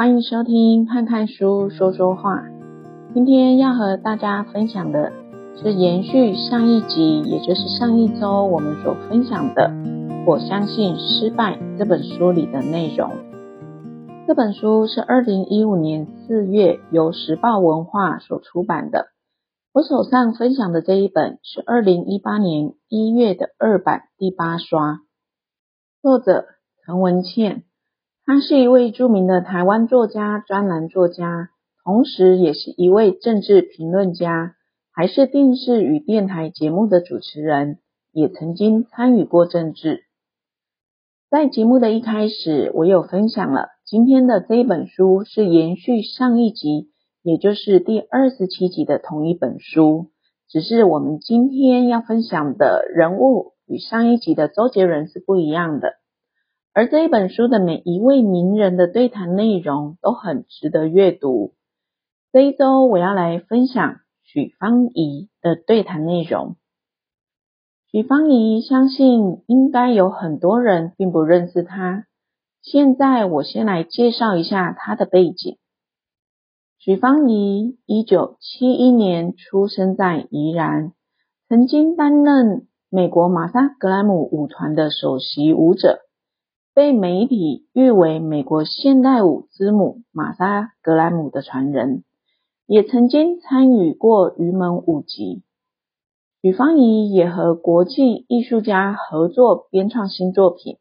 歡迎收聽《看看書說說話》。今天要和大家分享的是延續上一集，也就是上一周我們所分享的《我相信失敗》這本書裡的內容。這本書是二零一五年四月由時報文化所出版的。我手上分享的這一本是二零一八年一月的二版第八刷。作者陳文茜。他是一位著名的台灣作家、專欄作家，同時也是一位政治評論家，還是電視與電台節目的主持人，也曾經參與過政治。在節目的一開始，我有分享了今天的這一本書是延續上一集，也就是第二十七集的同一本書，只是我們今天要分享的人物與上一集的周杰倫是不一樣的。而這一本書的每一位名人的對談內容都很值得閱讀。這一週我要來分享許芳宜的對談內容。許芳宜，相信應該有很多人並不認識她。現在我先來介紹一下她的背景。許芳宜一九七一年出生在宜蘭，曾經擔任美國瑪莎·葛蘭姆舞團的首席舞者。被媒體譽為美國現代舞之母瑪莎葛蘭姆的傳人，也曾經參與過雲門舞集。許芳宜也和國際藝術家合作編創新作品。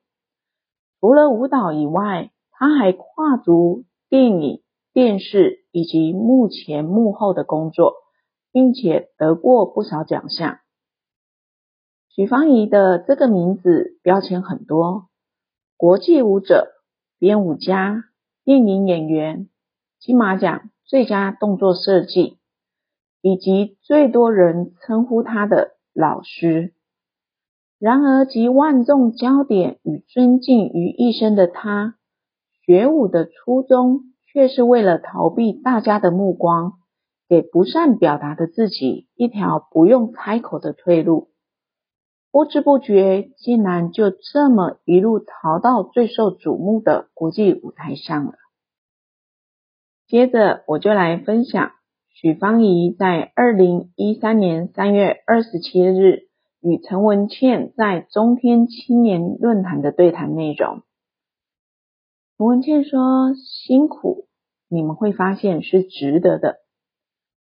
除了舞蹈以外，她還跨足電影、電視以及幕前幕後的工作，並且得過不少獎項。許芳宜的這個名字標籤很多。國際舞者、編舞家、電影演員、金馬獎最佳動作設計，以及最多人稱呼她的老師。然而集萬眾焦點與尊敬於一身的她，學舞的初衷却是為了逃避大家的目光，給不善表達的自己一條不用開口的退路。不知不覺，竟然就這麼一路逃到最受矚目的國際舞台上了。接着，我就來分享許芳宜在二零一三年三月二十七日與陳文茜在中天青年論壇的對談內容。陳文茜說：“辛苦，你們會發現是值得的。”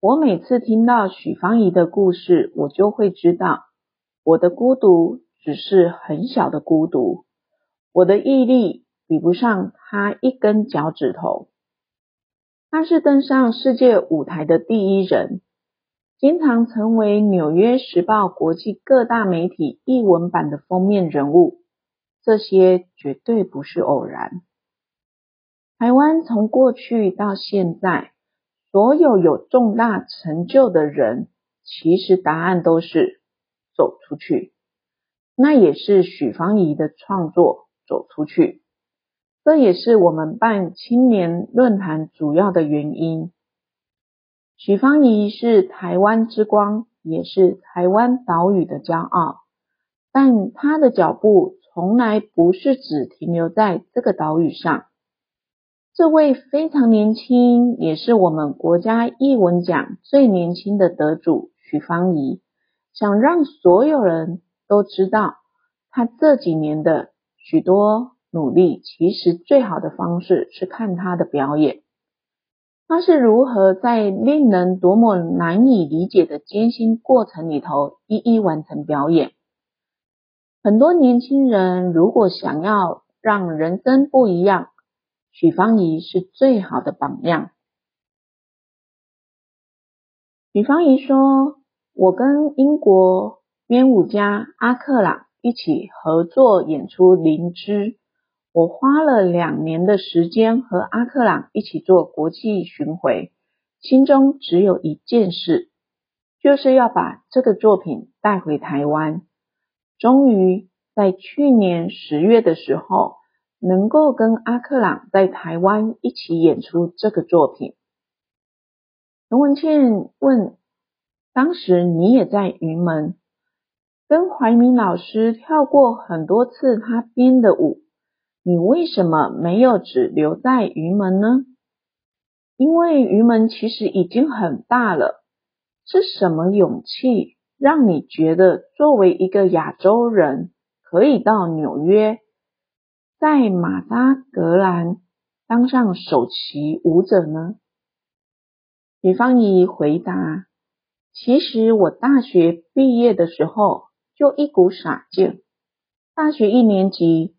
我每次聽到許芳宜的故事，我就會知道。我的孤獨只是很小的孤獨，我的毅力比不上她一根腳趾頭。她是登上世界舞台的第一人，經常成為《紐約時報》國際各大媒體藝文版的封面人物。這些絕對不是偶然。台灣從過去到現在，所有有重大成就的人，其實答案都是，走出去，那也是許芳宜的創作。走出去，這也是我們辦青年論壇主要的原因。許芳宜是台灣之光，也是台灣島嶼的驕傲。但他的腳步從來不是只停留在這個島嶼上。這位非常年輕，也是我們國家藝文獎最年輕的得主，許芳宜。想讓所有人都知道，他這幾年的許多努力，其實最好的方式是看他的表演，他是如何在令人多麼難以理解的艱辛過程裡頭，一一完成表演。很多年輕人如果想要讓人生不一樣，許芳宜是最好的榜樣。許芳宜說。我跟英國編舞家阿克朗一起合作演出《靈知》。我花了兩年的時間和阿克朗一起做國際巡迴，心中只有一件事，就是要把這個作品帶回台灣。終於在去年十月的時候，能夠跟阿克朗在台灣一起演出這個作品。陳文茜問。當時你也在雲門，跟懷民老師跳過很多次他編的舞，你為什麼沒有只留在雲門呢？因為雲門其實已經很大了，是什麼勇氣讓你覺得作為一個亞洲人可以到紐約，在瑪莎葛蘭姆當上首席舞者呢？許芳宜回答。其實我大學畢業的時候就一股傻勁。大學一年級，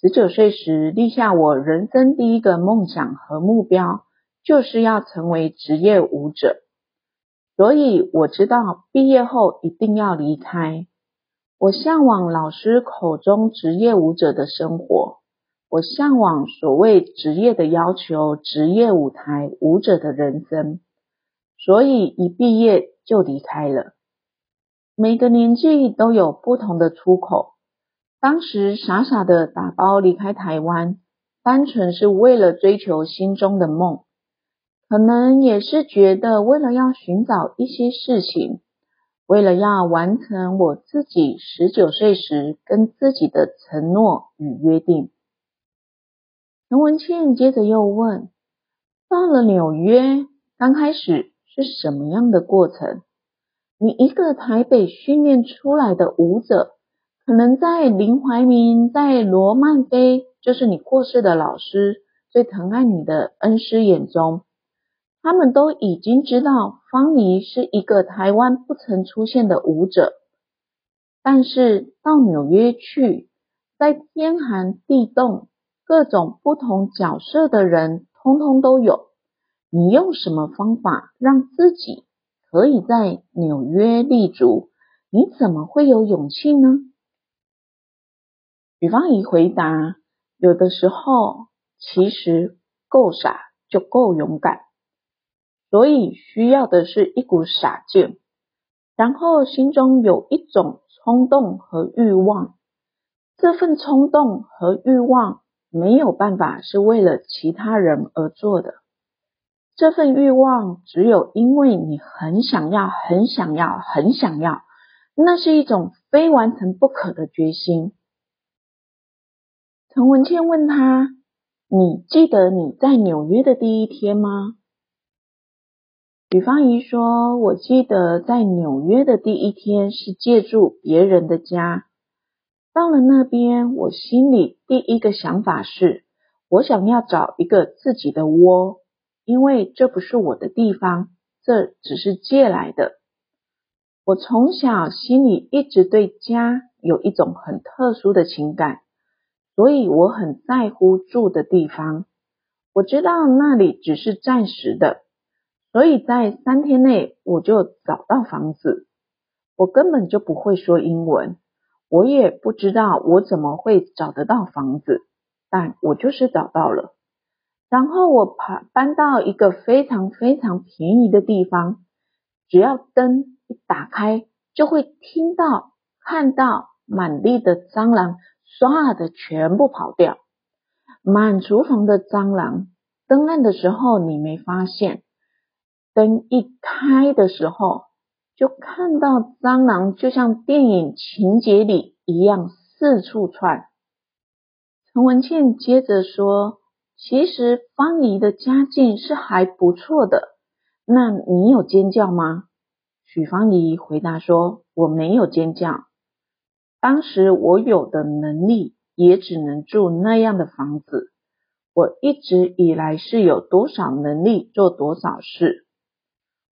十九歲時立下我人生第一個夢想和目標，就是要成為職業舞者。所以我知道畢業後一定要離開。我嚮往老師口中職業舞者的生活，我嚮往所謂職業的要求、職業舞台、舞者的人生。所以一畢業。就離開了。每個年紀都有不同的出口。當時傻傻的打包離開台灣，單純是為了追求心中的夢，可能也是覺得為了要尋找一些事情，為了要完成我自己十九歲時跟自己的承諾與約定。陳文茜接着又問：到了紐約，剛開始。是什麼樣的過程？你一個台北訓練出來的舞者，可能在林懷民、在羅曼菲，就是你過世的老師最疼愛你的恩師眼中，他們都已經知道芳宜是一個台灣不曾出現的舞者。但是到紐約去，在天寒地凍，各種不同角色的人，通通都有。你用什麼方法讓自己可以在紐約立足？你怎麼會有勇氣呢？許芳宜回答：有的時候其實夠傻就夠勇敢，所以需要的是一股傻勁，然後心中有一種衝動和欲望。這份衝動和欲望沒有辦法是為了其他人而做的。這份慾望，只有因為你很想要、很想要、很想要，那是一種非完成不可的決心。陳文茜問他：“你記得你在紐約的第一天嗎？”許芳宜說：“我記得在紐約的第一天是借住別人的家。到了那邊，我心裡第一個想法是，我想要找一個自己的窩。”因為這不是我的地方，這只是借來的。我從小心裡一直對家有一種很特殊的情感，所以我很在乎住的地方。我知道那裡只是暫時的，所以在三天內我就找到房子。我根本就不會說英文，我也不知道我怎麼會找得到房子，但我就是找到了。然後我搬搬到一個非常非常便宜的地方，只要燈一打開，就會聽到、看到滿地的蟑螂，唰的全部跑掉。滿廚房的蟑螂，燈暗的時候你沒發現，燈一開的時候，就看到蟑螂就像電影情節裡一樣四處竄。陳文茜接着說。其實芳宜的家境是還不錯的，那你有尖叫嗎？許芳宜回答說：“我沒有尖叫，當時我有的能力也只能住那樣的房子。我一直以來是有多少能力做多少事，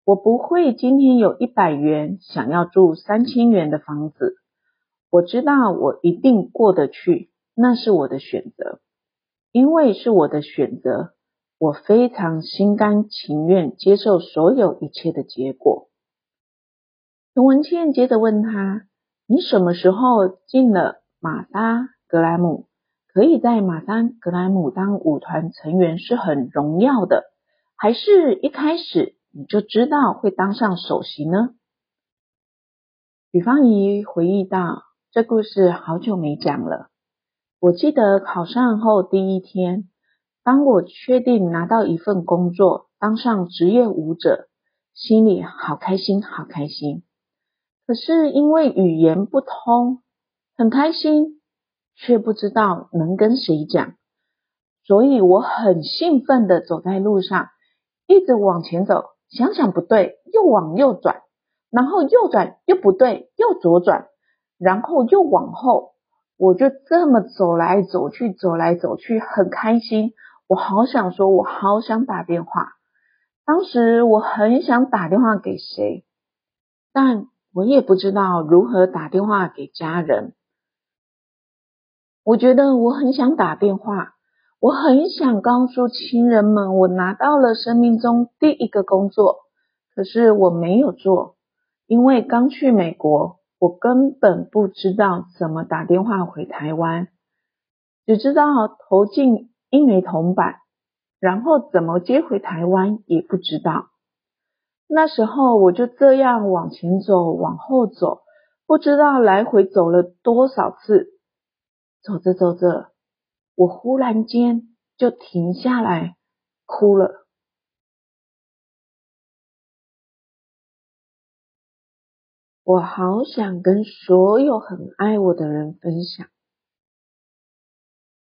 我不會今天有一百元想要住三千元的房子。我知道我一定過得去，那是我的選擇。”因為是我的選擇，我非常心甘情願接受所有一切的結果。陳文茜接着問他：“你什麼時候進了瑪莎葛蘭姆？可以在瑪莎葛蘭姆當舞團成員是很榮耀的，還是一開始你就知道會當上首席呢？”許芳宜回憶道：“這故事好久沒講了。”我記得考上後第一天，當我確定拿到一份工作，當上職業舞者，心裡好開心，好開心。可是因為語言不通，很開心，卻不知道能跟誰講，所以我很興奮的走在路上，一直往前走，想想不對，又往右轉，然後右轉又不對，又左轉，然後又往後。我就這麼走來走去，走來走去，很開心。我好想說，我好想打電話。當時我很想打電話給誰，但我也不知道如何打電話給家人。我覺得我很想打電話，我很想告訴親人們，我拿到了生命中第一個工作。可是我沒有做，因為剛去美國。我根本不知道怎麼打電話回台灣，只知道投進一枚銅板，然後怎麼接回台灣也不知道。那時候我就這樣往前走，往後走，不知道來回走了多少次。走着走着，我忽然間就停下來，哭了。我好想跟所有很愛我的人分享。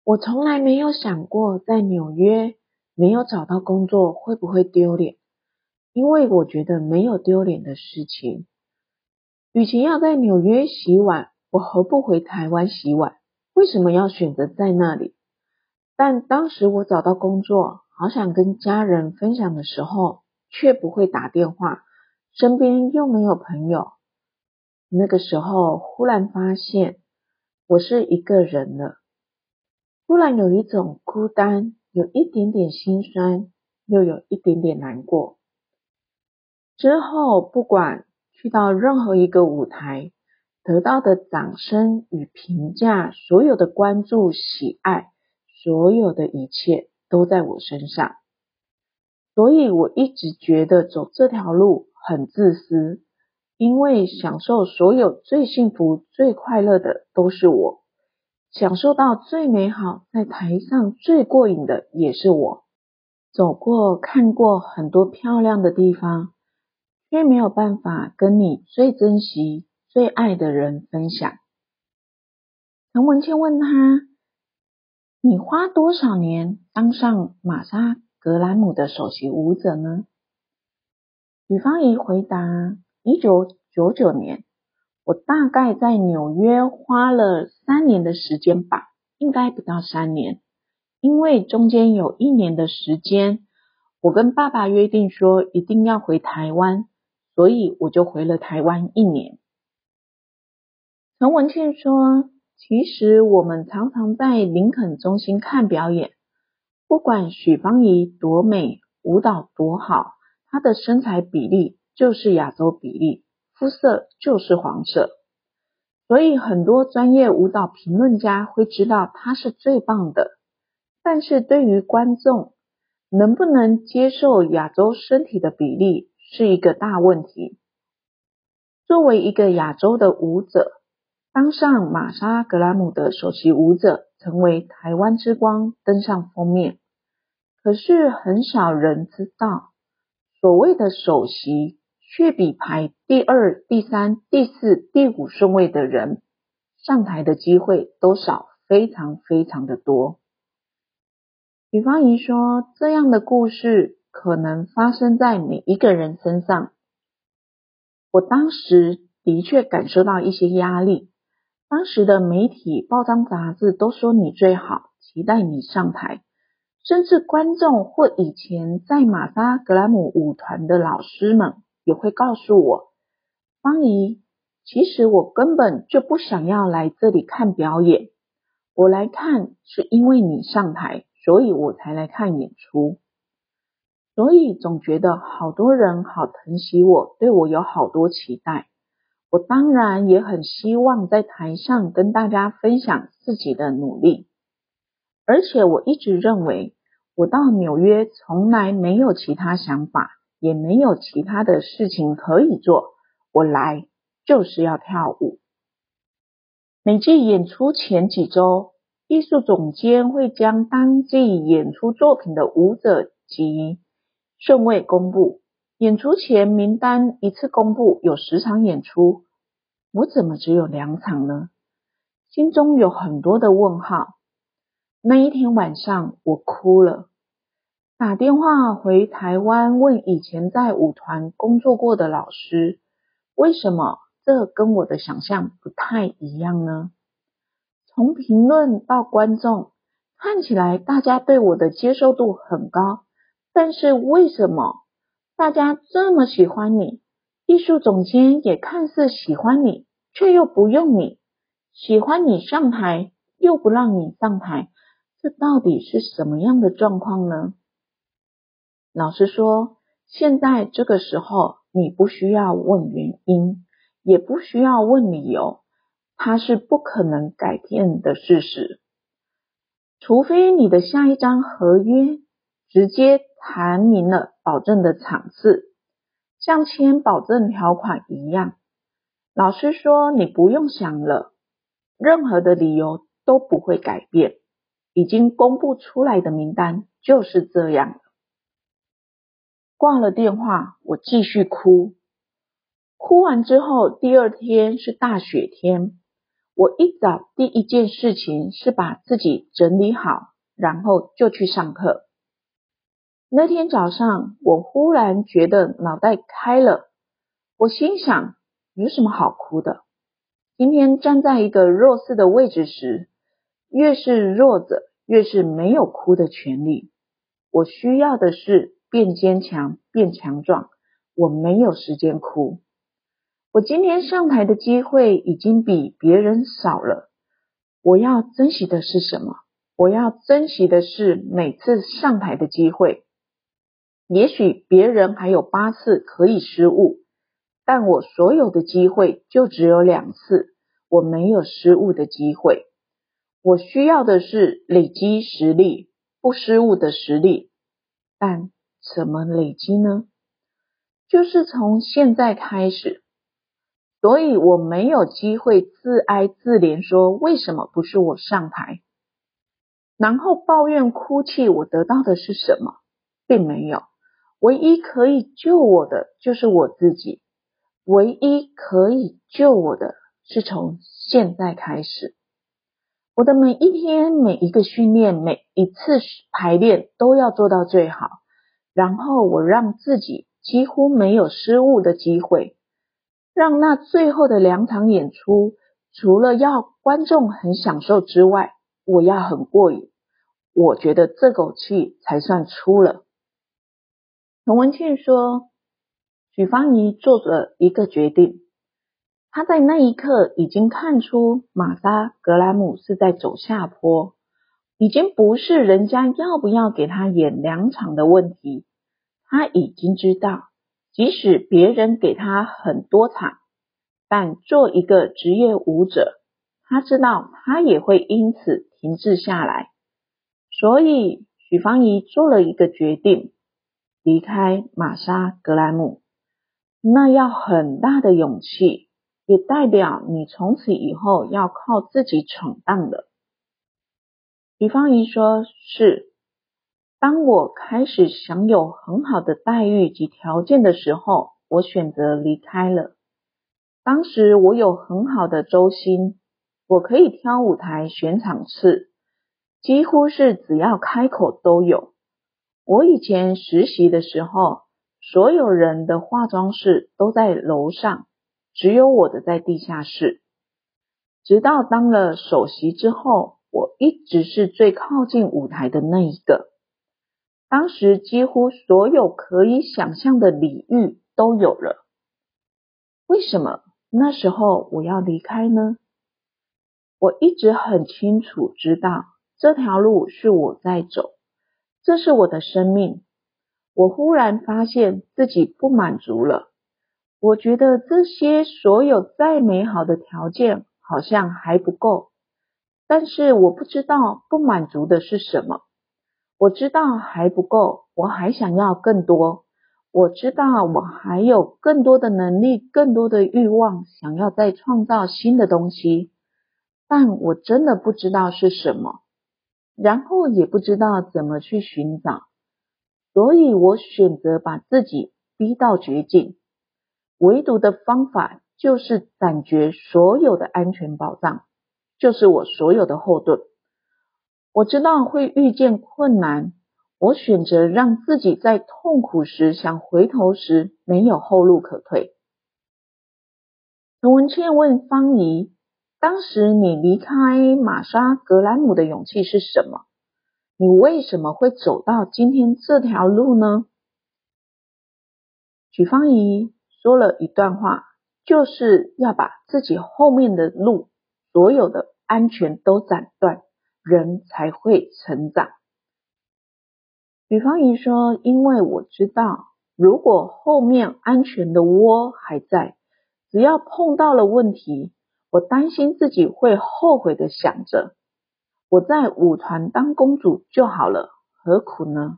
我從來沒有想過在紐約沒有找到工作會不會丟臉，因為我覺得沒有丟臉的事情。與其要在紐約洗碗，我何不回台灣洗碗？為什麼要選擇在那裡？但當時我找到工作，好想跟家人分享的時候，卻不會打電話，身邊又沒有朋友。那個時候，忽然發現我是一個人了，忽然有一種孤單，有一點點心酸，又有一點點難過。之後，不管去到任何一個舞台，得到的掌聲與評價，所有的關注、喜愛，所有的一切都在我身上。所以我一直覺得走這條路很自私。因為享受所有最幸福、最快樂的都是我，享受到最美好、在台上最過癮的也是我。走過、看過很多漂亮的地方，却沒有辦法跟你最珍惜、最愛的人分享。陳文茜問他：“你花多少年當上瑪莎·格蘭姆的首席舞者呢？”許芳宜回答。一九九九年，我大概在紐約花了三年的時間吧，應該不到三年，因為中間有一年的時間，我跟爸爸約定說一定要回台灣，所以我就回了台灣一年。陳文茜說：“其實我們常常在林肯中心看表演，不管許芳宜多美，舞蹈多好，她的身材比例。”就是亞洲比例，膚色就是黃色，所以很多專業舞蹈評論家會知道他是最棒的。但是對於觀眾，能不能接受亞洲身體的比例是一個大問題。作為一個亞洲的舞者，當上瑪莎·格蘭姆的首席舞者，成為台灣之光，登上封面，可是很少人知道，所謂的首席。卻比排第二、第三、第四、第五順位的人上台的機會都少，非常非常的多。比方一說：“這樣的故事可能發生在每一個人身上。”我當時的確感受到一些壓力，當時的媒體、報章雜誌都說你最好，期待你上台，甚至觀眾或以前在瑪莎葛蘭姆舞團的老師們也會告訴我，芳宜，其實我根本就不想要來這裡看表演，我來看是因為你上台，所以我才來看演出。所以總覺得好多人好疼惜我，對我有好多期待，我當然也很希望在台上跟大家分享自己的努力。而且我一直認為，我到紐約從來沒有其他想法。也沒有其他的事情可以做，我來就是要跳舞。每季演出前幾周，藝術總監會將當季演出作品的舞者及順位公布。演出前名單一次公布有十場演出，我怎麼只有兩場呢？心中有很多的問號。那一天晚上，我哭了。打電話回台灣，問以前在舞團工作過的老師，為什麼這跟我的想象不太一樣呢？從評論到觀眾，看起來大家對我的接受度很高，但是為什麼大家這麼喜歡你？藝術總監也看似喜歡你，卻又不用你，喜歡你上台，又不讓你上台，這到底是什麼樣的狀況呢？老師說：“現在這個時候，你不需要問原因，也不需要問理由，它是不可能改變的事實。除非你的下一張合約直接談明了保證的場次，像簽保證條款一樣。老師說你不用想了，任何的理由都不會改變，已經公布出來的名單就是這樣。”掛了電話，我繼續哭。哭完之後，第二天是大雪天。我一早第一件事情是把自己整理好，然後就去上課。那天早上，我忽然覺得腦袋開了。我心想，有什麼好哭的？今天站在一個弱勢的位置時，越是弱者，越是沒有哭的權利。我需要的是，變堅強，變強壯。我沒有時間哭。我今天上台的機會已經比別人少了。我要珍惜的是什麼？我要珍惜的是每次上台的機會。也許別人還有八次可以失誤，但我所有的機會就只有兩次。我沒有失誤的機會。我需要的是累積實力，不失誤的實力。但怎麼累積呢？就是從現在開始，所以我沒有機會自哀自憐，說為什麼不是我上台，然後抱怨、哭泣。我得到的是什麼？並沒有。唯一可以救我的就是我自己，唯一可以救我的是從現在開始。我的每一天、每一個訓練、每一次排練都要做到最好。然後我讓自己幾乎沒有失誤的機會，讓那最後的兩場演出，除了要觀眾很享受之外，我要很過癮。我覺得這口氣才算出了。陳文茜說，許芳宜做了一個決定，她在那一刻已經看出瑪莎·葛蘭姆是在走下坡。已經不是人家要不要給他演兩場的問題，他已經知道，即使別人給他很多場，但做一個職業舞者，他知道他也會因此停滯下來。所以許芳宜做了一個決定，離開瑪莎·葛蘭姆。那要很大的勇氣，也代表你從此以後要靠自己闖蕩了。比方一說是，當我開始享有很好的待遇及條件的時候，我選擇離開了。當時我有很好的周薪，我可以挑舞台、選場次，幾乎是只要開口都有。我以前實習的時候，所有人的化妝室都在樓上，只有我的在地下室。直到當了首席之後。我一直是最靠近舞台的那一個，當時幾乎所有可以想象的禮遇都有了。為什麼那時候我要離開呢？我一直很清楚知道這條路是我在走，這是我的生命。我忽然發現自己不滿足了，我覺得這些所有再美好的條件好像還不夠。但是我不知道不滿足的是什麼，我知道還不夠，我還想要更多。我知道我還有更多的能力，更多的慾望，想要再創造新的東西，但我真的不知道是什麼，然後也不知道怎麼去尋找，所以我選擇把自己逼到絕境，唯獨的方法就是感覺所有的安全保障。就是我所有的後盾。我知道會遇見困難，我選擇讓自己在痛苦時、想回頭時沒有後路可退。陳文茜問芳宜：“當時你離開瑪莎·葛蘭姆的勇氣是什麼？你為什麼會走到今天這條路呢？”許芳宜說了一段話，就是要把自己後面的路。所有的安全都斬斷，人才會成長。許芳宜說：“因為我知道，如果後面安全的窩還在，只要碰到了問題，我擔心自己會後悔地想著，我在舞團當公主就好了，何苦呢？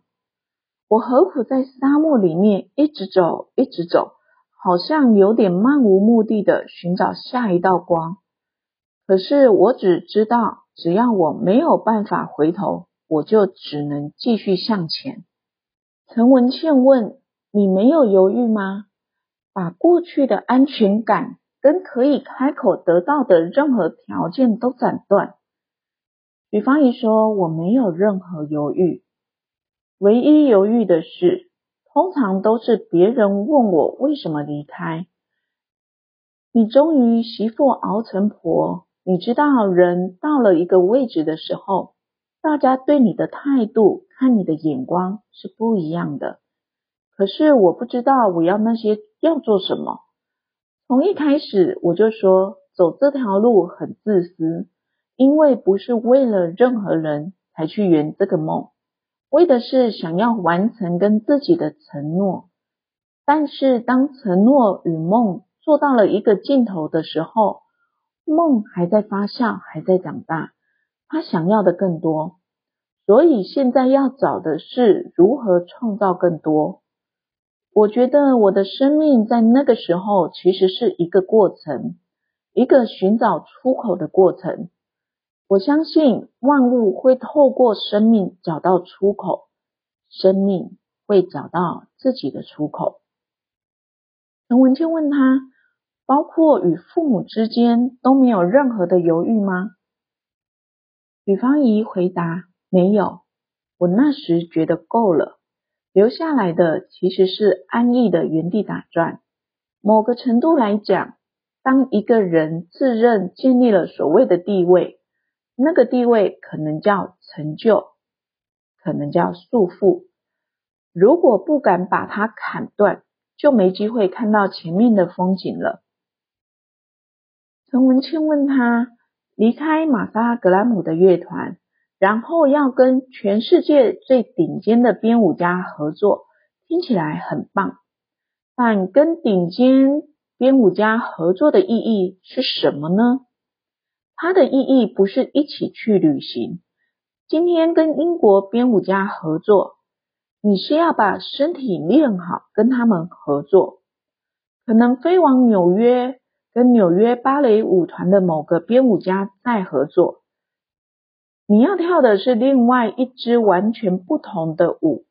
我何苦在沙漠裡面一直走，一直走，好像有點漫無目的的尋找下一道光。”可是我只知道，只要我沒有辦法回頭，我就只能繼續向前。陳文茜問：“你沒有猶豫嗎？”把過去的安全感跟可以開口得到的任何條件都斬斷。許芳宜說：“我沒有任何猶豫，唯一猶豫的是，通常都是別人問我為什麼離開。”你終於媳婦熬成婆。你知道，人到了一個位置的時候，大家對你的態度、看你的眼光是不一樣的。可是我不知道我要那些要做什麼。從一開始我就說，走這條路很自私，因為不是為了任何人才去圓這個夢，為的是想要完成跟自己的承諾。但是當承諾與夢做到了一個盡頭的時候，夢還在發酵，還在長大。他想要的更多，所以現在要找的是如何創造更多。我覺得我的生命在那個時候其實是一個過程，一個尋找出口的過程。我相信萬物會透過生命找到出口，生命會找到自己的出口。陳文茜問他包括與父母之間都沒有任何的猶豫嗎？許芳宜回答：沒有，我那時覺得夠了，留下來的其實是安逸的原地打轉。某個程度來講，當一個人自認建立了所謂的地位，那個地位可能叫成就，可能叫束縛。如果不敢把它砍斷，就沒機會看到前面的風景了。陳文茜問他：“離開瑪莎·葛蘭姆的樂團，然後要跟全世界最頂尖的編舞家合作，聽起來很棒。但跟頂尖編舞家合作的意義是什麼呢？它的意義不是一起去旅行。今天跟英國編舞家合作，你是要把身體練好，跟他們合作。可能飛往紐約。”跟紐約芭蕾舞團的某個編舞家在合作，你要跳的是另外一支完全不同的舞，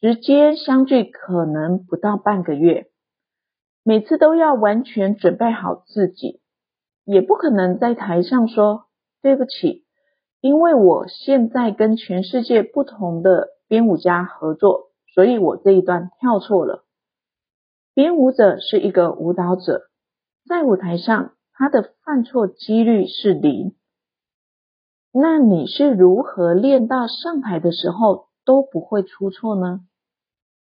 時間相距可能不到半個月，每次都要完全準備好自己，也不可能在台上說對不起，因為我現在跟全世界不同的編舞家合作，所以我這一段跳錯了。編舞者是一個舞蹈者。在舞台上，他的犯錯幾率是零。那你是如何練到上台的時候都不會出錯呢？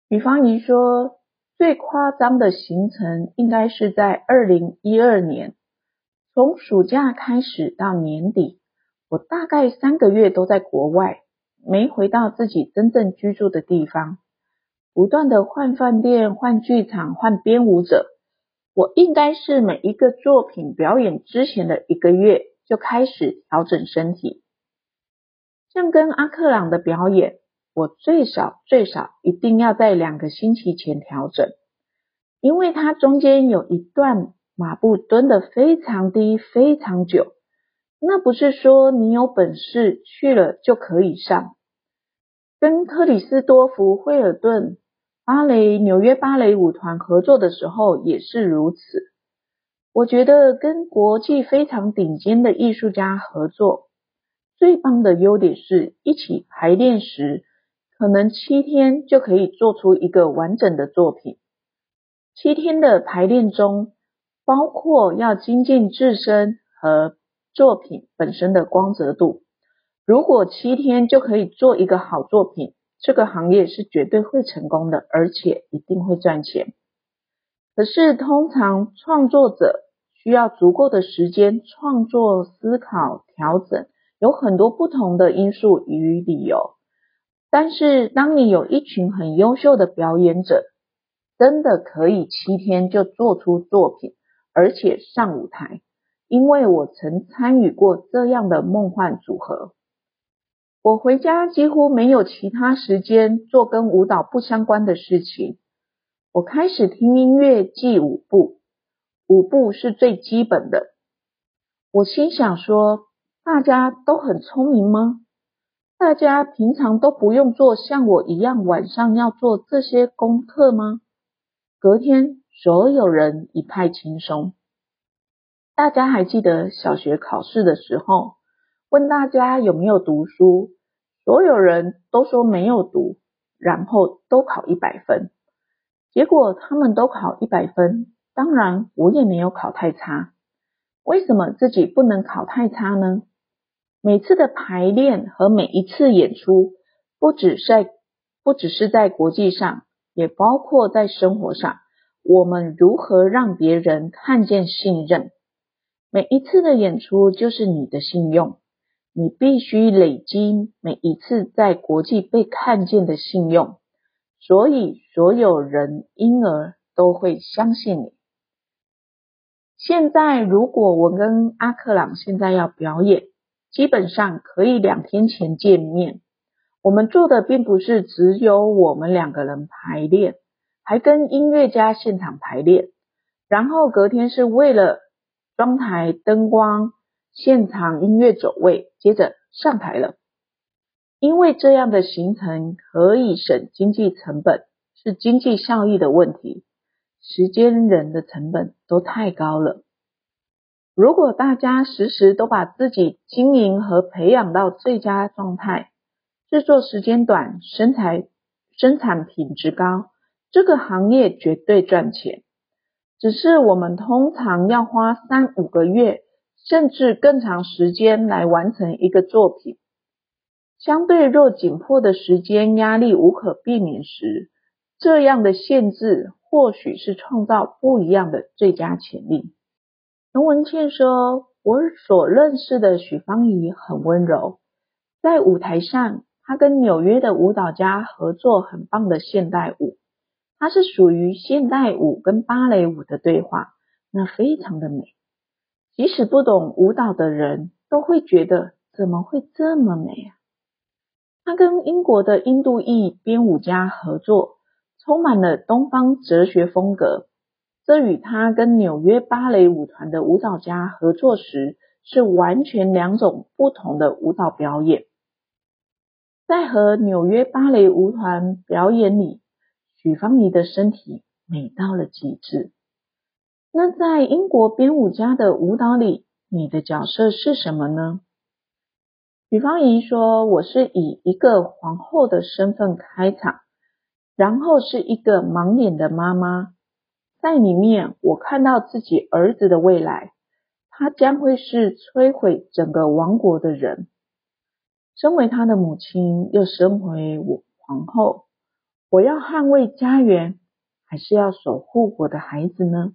許芳宜說，最誇張的行程應該是在二零一二年，從暑假開始到年底，我大概三個月都在國外，沒回到自己真正居住的地方，不斷地換飯店、換劇場、換編舞者。我應該是每一個作品表演之前的一個月就開始調整身體，像跟阿克朗的表演，我最少最少一定要在兩個星期前調整，因為它中間有一段馬步蹲得非常低、非常久，那不是說你有本事去了就可以上，跟克里斯多夫·惠爾頓。芭蕾，紐約芭蕾舞團合作的時候也是如此。我覺得跟國際非常頂尖的藝術家合作，最棒的優點是一起排練時，可能七天就可以做出一個完整的作品。七天的排練中，包括要精進自身和作品本身的光澤度。如果七天就可以做一個好作品，這個行業是絕對會成功的，而且一定會賺錢。可是通常創作者需要足夠的時間創作、思考、調整，有很多不同的因素與理由。但是當你有一群很優秀的表演者，真的可以七天就做出作品，而且上舞台。因為我曾參與過這樣的夢幻組合。我回家幾乎沒有其他時間做跟舞蹈不相關的事情。我開始聽音樂，記舞步，舞步是最基本的。我心想說：大家都很聰明嗎？大家平常都不用做像我一樣晚上要做這些功課嗎？隔天，所有人一派輕鬆。大家還記得小學考試的時候，問大家有沒有讀書？所有人都說沒有讀，然後都考一百分，結果他們都考一百分，當然我也沒有考太差。為什麼自己不能考太差呢？每次的排練和每一次演出，不只在不只是在國際上，也包括在生活上，我們如何讓別人看見信任？每一次的演出就是你的信用。你必須累積每一次在國際被看見的信用，所以所有人因而都會相信你。現在，如果我跟阿克朗現在要表演，基本上可以兩天前見面。我們做的並不是只有我們兩個人排練，還跟音樂家現場排練，然後隔天是為了裝台燈光。現場音樂走位，接着上台了。因為這樣的行程可以省經濟成本，是經濟效益的問題。時間、人的成本都太高了。如果大家時時都把自己經營和培養到最佳狀態，制作時間短，生產生產品質高，這個行業絕對賺錢。只是我們通常要花三五個月。甚至更長時間來完成一個作品。相對若緊迫的時間壓力無可避免時，這樣的限制或許是創造不一樣的最佳潛力。陳文茜說：“我所認識的許芳宜很溫柔，在舞台上，她跟紐約的舞蹈家合作很棒的現代舞，它是屬於現代舞跟芭蕾舞的對話，那非常的美。”即使不懂舞蹈的人都會覺得，怎麼會這麼美啊？他跟英國的印度裔編舞家合作，充滿了東方哲學風格。這與他跟紐約芭蕾舞團的舞蹈家合作時，是完全兩種不同的舞蹈表演。在和紐約芭蕾舞團表演裡，許芳宜的身體美到了極致。那在英國編舞家的舞蹈裡，你的角色是什麼呢？許芳宜說：“我是以一個皇後的身份開場，然後是一個盲眼的媽媽，在裡面我看到自己兒子的未來，他將會是摧毀整個王國的人。身為他的母親，又身為我皇後，我要捍衛家園，還是要守護我的孩子呢？”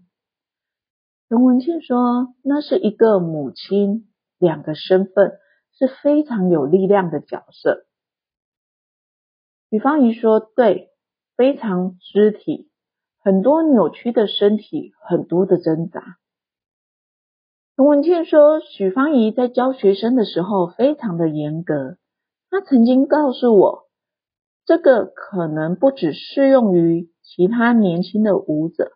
陳文茜說：“那是一個母親，兩個身份，是非常有力量的角色。”許芳宜說：“對，非常肢體，很多扭曲的身體，很多的掙扎。”陳文茜說：“許芳宜在教學生的時候非常的嚴格，她曾經告訴我，這個可能不只適用於其他年輕的舞者。”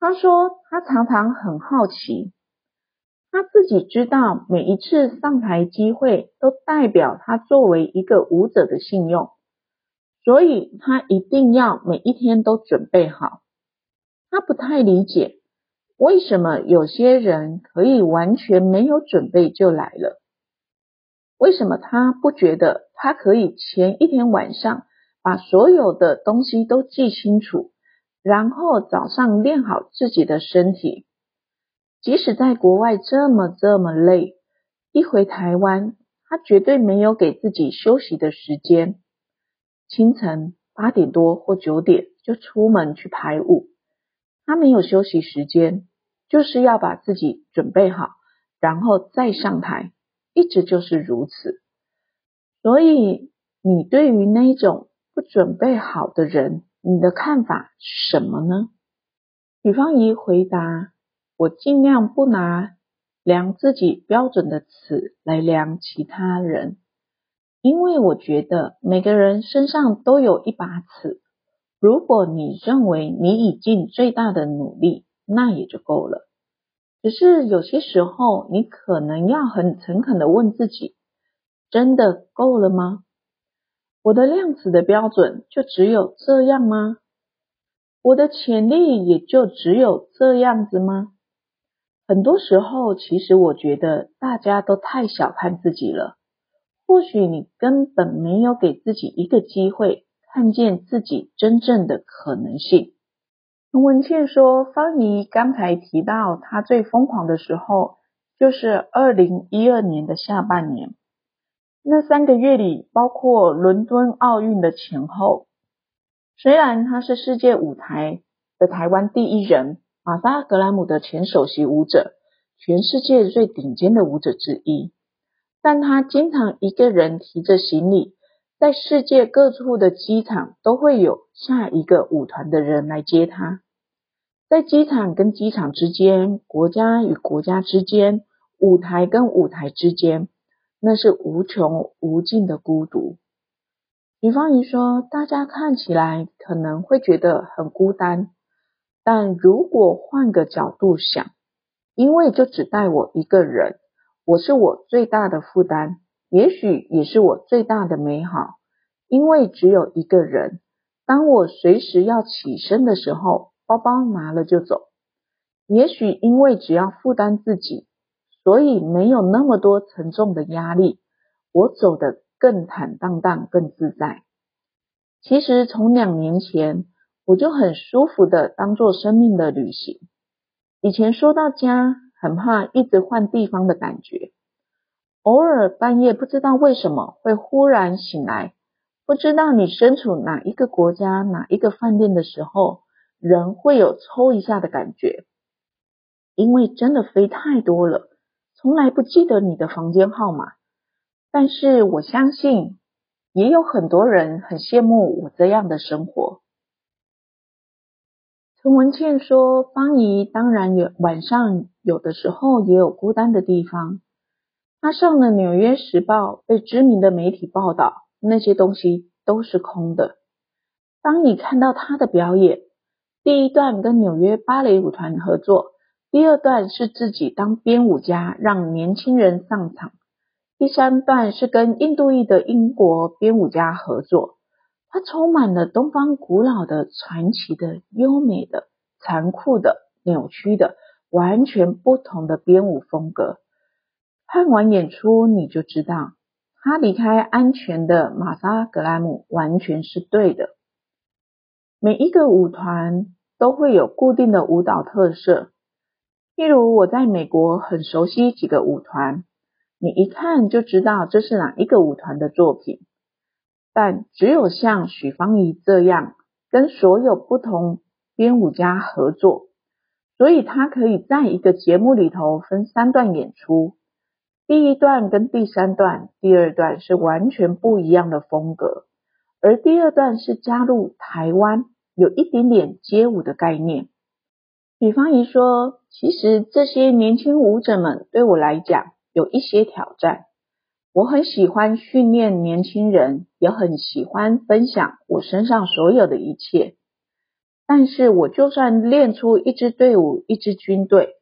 他說，他常常很好奇，他自己知道每一次上台機會都代表他作為一個舞者的信用，所以他一定要每一天都準備好。他不太理解為什麼有些人可以完全沒有準備就來了，為什麼他不覺得他可以前一天晚上把所有的東西都記清楚？然後早上練好自己的身體，即使在國外這麼這麼累，一回台灣，他絕對沒有給自己休息的時間。清晨八點多或九點就出門去排舞，他沒有休息時間，就是要把自己準備好，然後再上台，一直就是如此。所以你對於那種不準備好的人，你的看法是什麼呢？許芳宜回答：“我儘量不拿量自己標準的尺來量其他人，因為我覺得每個人身上都有一把尺。如果你認為你已盡最大的努力，那也就夠了。只是有些時候，你可能要很誠懇的問自己，真的夠了嗎？”我的量子的標準就只有這樣嗎？我的潛力也就只有這樣子嗎？很多時候，其實我覺得大家都太小看自己了。或許你根本沒有給自己一個機會，看見自己真正的可能性。文茜說，芳宜剛才提到，她最瘋狂的時候就是二零一二年的下半年。那三個月裡，包括倫敦奧運的前後，雖然他是世界舞台的台灣第一人，瑪莎葛蘭姆的前首席舞者，全世界最頂尖的舞者之一，但他經常一個人提着行李，在世界各處的機場都會有下一個舞團的人來接他，在機場跟機場之間，國家與國家之間，舞台跟舞台之間。那是無窮無盡的孤獨。許芳宜說：“大家看起來可能會覺得很孤單，但如果換個角度想，因為就只帶我一個人，我是我最大的負擔，也許也是我最大的美好。因為只有一個人，當我隨時要起身的時候，包包拿了就走。也許因為只要負擔自己。”所以沒有那麼多沉重的壓力，我走得更坦蕩蕩、更自在。其實從兩年前，我就很舒服的當做生命的旅行。以前說到家，很怕一直換地方的感覺。偶爾半夜不知道為什麼會忽然醒來，不知道你身處哪一個國家、哪一個飯店的時候，人會有抽一下的感覺，因為真的飛太多了。從來不記得你的房間號碼，但是我相信也有很多人很羨慕我這樣的生活。陳文茜說：“芳宜當然有晚上，有的時候也有孤單的地方。她上了《紐約時報》，被知名的媒體報道，那些東西都是空的。當你看到她的表演，第一段跟紐約芭蕾舞團合作。”第二段是自己當編舞家，讓年輕人上場。第三段是跟印度裔的英國編舞家合作，它充滿了東方古老的、傳奇的、優美的、殘酷的、扭曲的、完全不同的編舞風格。看完演出，你就知道他離開安全的瑪莎葛蘭姆完全是對的。每一個舞團都會有固定的舞蹈特色。例如我在美國很熟悉幾個舞團，你一看就知道這是哪一個舞團的作品。但只有像許芳宜這樣跟所有不同編舞家合作，所以她可以在一個節目裡頭分三段演出。第一段跟第三段，第二段是完全不一樣的風格，而第二段是加入台灣有一點點街舞的概念。許芳宜說。其實這些年輕舞者們對我來講有一些挑戰。我很喜歡訓練年輕人，也很喜歡分享我身上所有的一切。但是我就算練出一支隊伍、一支軍隊，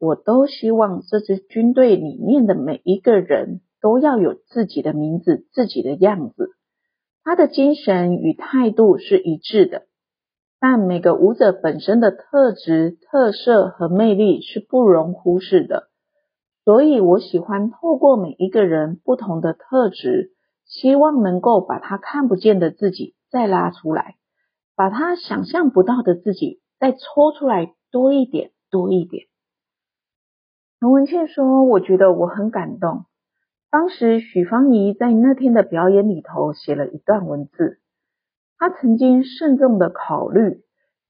我都希望這支軍隊裡面的每一個人都要有自己的名字、自己的樣子，他的精神與態度是一致的。但每個舞者本身的特質、特色和魅力是不容忽視的，所以我喜歡透過每一個人不同的特質，希望能夠把他看不見的自己再拉出來，把他想象不到的自己再抽出來多一點，多一點。陳文茜說：“我覺得我很感動，當時許芳宜在那天的表演裡頭寫了一段文字。”他曾經慎重地考慮，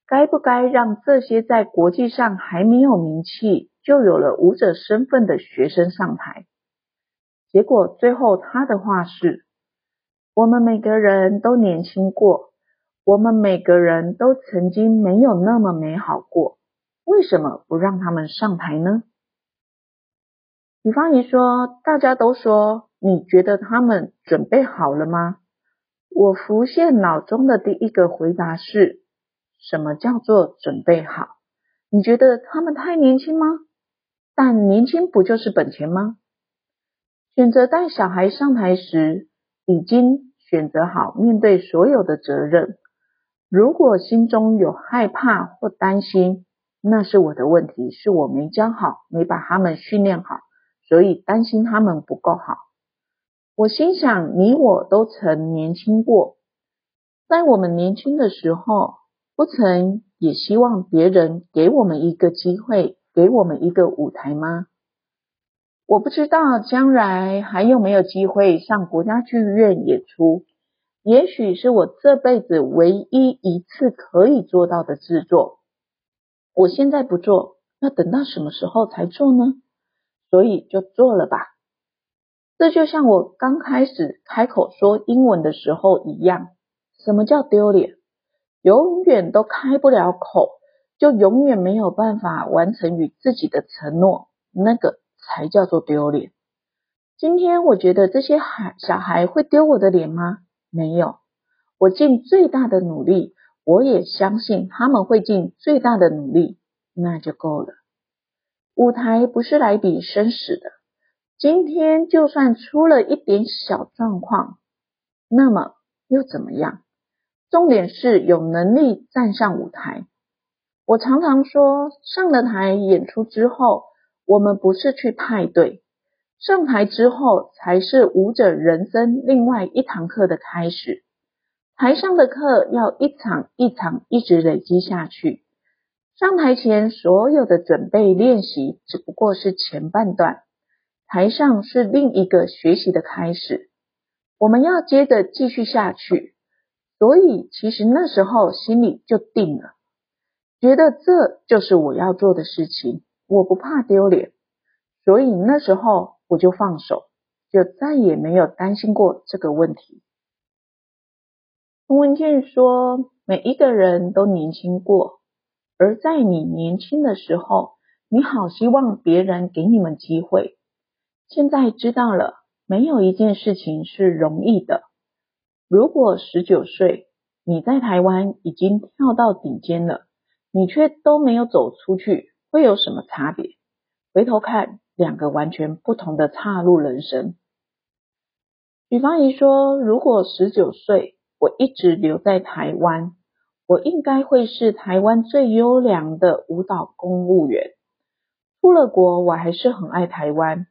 該不該讓這些在國際上還沒有名氣，就有了舞者身份的學生上台。結果最後他的話是：我們每個人都年輕過，我們每個人都曾經沒有那麼美好過，為什麼不讓他們上台呢？比方你說，大家都說，你覺得他們準備好了嗎？我浮現腦中的第一個回答是，什麼叫做準備好？你覺得他們太年輕嗎？但年輕不就是本錢嗎？選擇帶小孩上台時，已經選擇好面對所有的責任。如果心中有害怕或擔心，那是我的問題，是我沒教好，沒把他們訓練好，所以擔心他們不夠好。我心想，你我都曾年輕過，在我們年輕的時候，不曾也希望別人給我們一個機會，給我們一個舞台嗎？我不知道將來還有沒有機會上國家劇院演出，也許是我這輩子唯一一次可以做到的制作。我現在不做，那等到什麼時候才做呢？所以就做了吧。這就像我剛開始開口說英文的時候一樣，什麼叫丟臉？永遠都開不了口，就永遠沒有辦法完成與自己的承諾，那個才叫做丟臉。今天我覺得這些孩小孩會丟我的臉嗎？沒有，我盡最大的努力，我也相信他們會盡最大的努力，那就夠了。舞台不是來比生死的。今天就算出了一點小狀況，那麼又怎麼樣？重點是有能力站上舞台。我常常說，上了台演出之後，我們不是去派對，上台之後才是舞者人生另外一堂課的開始。台上的課要一場一場一直累積下去。上台前所有的準備練習，只不過是前半段。台上是另一個學習的開始，我們要接着繼續下去。所以其實那時候心裡就定了，覺得這就是我要做的事情，我不怕丟臉。所以那時候我就放手，就再也沒有擔心過這個問題。文茜說：“每一個人都年輕過，而在你年輕的時候，你好希望別人給你們機會。”現在知道了，沒有一件事情是容易的。如果十九歲你在台灣已經跳到頂尖了，你卻都沒有走出去，會有什麼差別？回頭看，兩個完全不同的岔路人生。許芳宜說：“如果十九歲我一直留在台灣，我應該會是台灣最優良的舞蹈公務員。出了國，我還是很愛台灣。”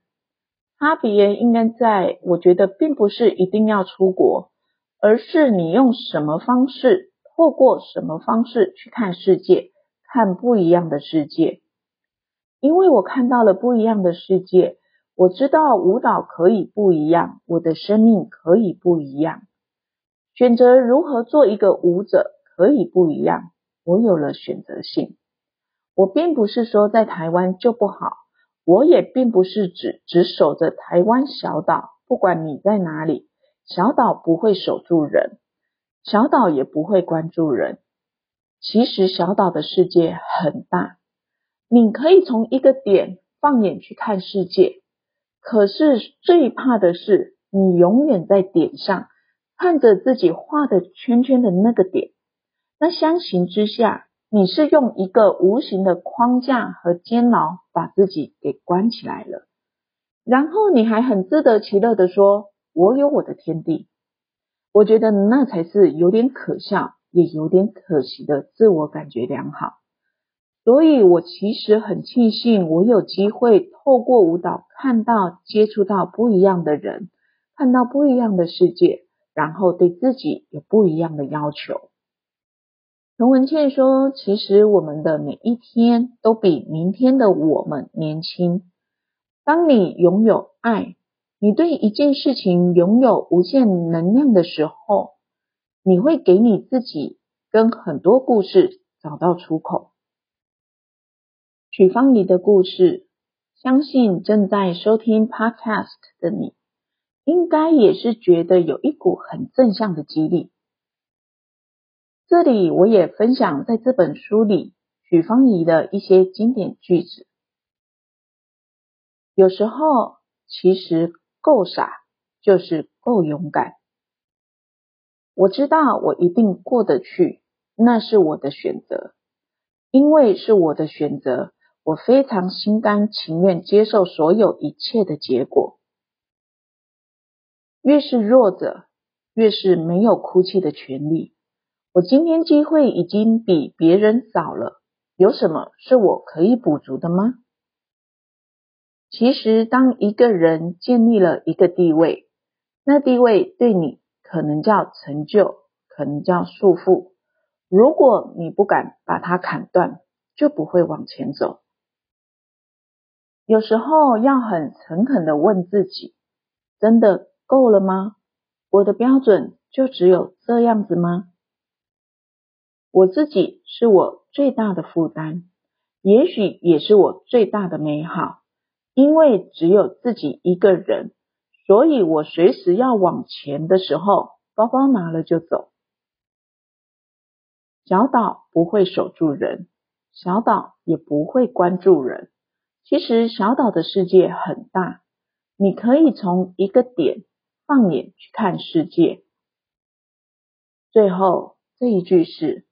差別應該在，我覺得並不是一定要出國，而是你用什麼方式，透過什麼方式去看世界，看不一樣的世界。因為我看到了不一樣的世界，我知道舞蹈可以不一樣，我的生命可以不一樣，選擇如何做一個舞者可以不一樣。我有了選擇性，我並不是說在台灣就不好。我也並不是指只守着台灣小島，不管你在哪裡，小島不會守住人，小島也不會關注人。其實小島的世界很大，你可以從一個點放眼去看世界。可是最怕的是你永遠在點上，看着自己畫的圈圈的那個點。那相形之下，你是用一個無形的框架和監牢把自己給關起來了，然後你還很自得其樂的說：“我有我的天地。”我覺得那才是有點可笑，也有點可惜的自我感覺良好。所以，我其實很慶幸我有機會透過舞蹈看到、接觸到不一樣的人，看到不一樣的世界，然後對自己有不一樣的要求。陳文茜說：“其實我們的每一天都比明天的我們年輕。當你擁有愛，你對一件事情擁有無限能量的時候，你會給你自己跟很多故事找到出口。”許芳宜的故事，相信正在收聽 Podcast 的你，應該也是覺得有一股很正向的激勵。這裡我也分享在這本書裡許芳宜的一些經典句子。有時候，其實夠傻就是夠勇敢。我知道我一定過得去，那是我的選擇，因為是我的選擇，我非常心甘情願接受所有一切的結果。越是弱者，越是沒有哭泣的權利。我今天機會已經比別人少了，有什麼是我可以補足的嗎？其實，當一個人建立了一個地位，那地位對你可能叫成就，可能叫束縛。如果你不敢把它砍斷，就不會往前走。有時候要很誠懇的問自己，真的夠了嗎？我的標準就只有這樣子嗎？我自己是我最大的負擔，也許也是我最大的美好，因為只有自己一個人，所以我隨時要往前的時候，包包拿了就走。小島不會守住人，小島也不會關注人。其實小島的世界很大，你可以從一個點放眼去看世界。最後這一句是，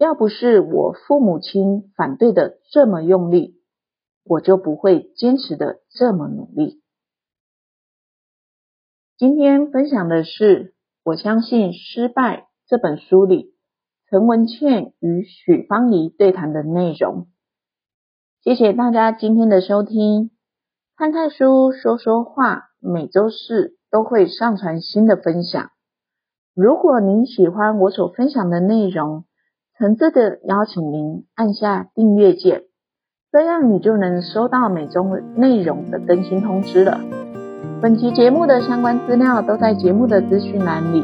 要不是我父母親反對的這麼用力，我就不會堅持的這麼努力。今天分享的是《我相信失敗》這本書裡陳文茜與許芳宜對談的內容。謝謝大家今天的收聽。看看書，說說話。每周四都會上傳新的分享。如果您喜歡我所分享的內容，誠摯的邀請您，按下訂閱鍵，這樣你就能收到每周內容的更新通知了。本期節目的相關資料都在節目的資訊欄裡，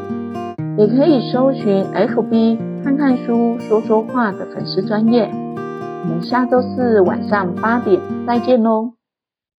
也可以搜尋 FB“ 看看書說說話”的粉絲專頁。我們下周四晚上八點再見嘍！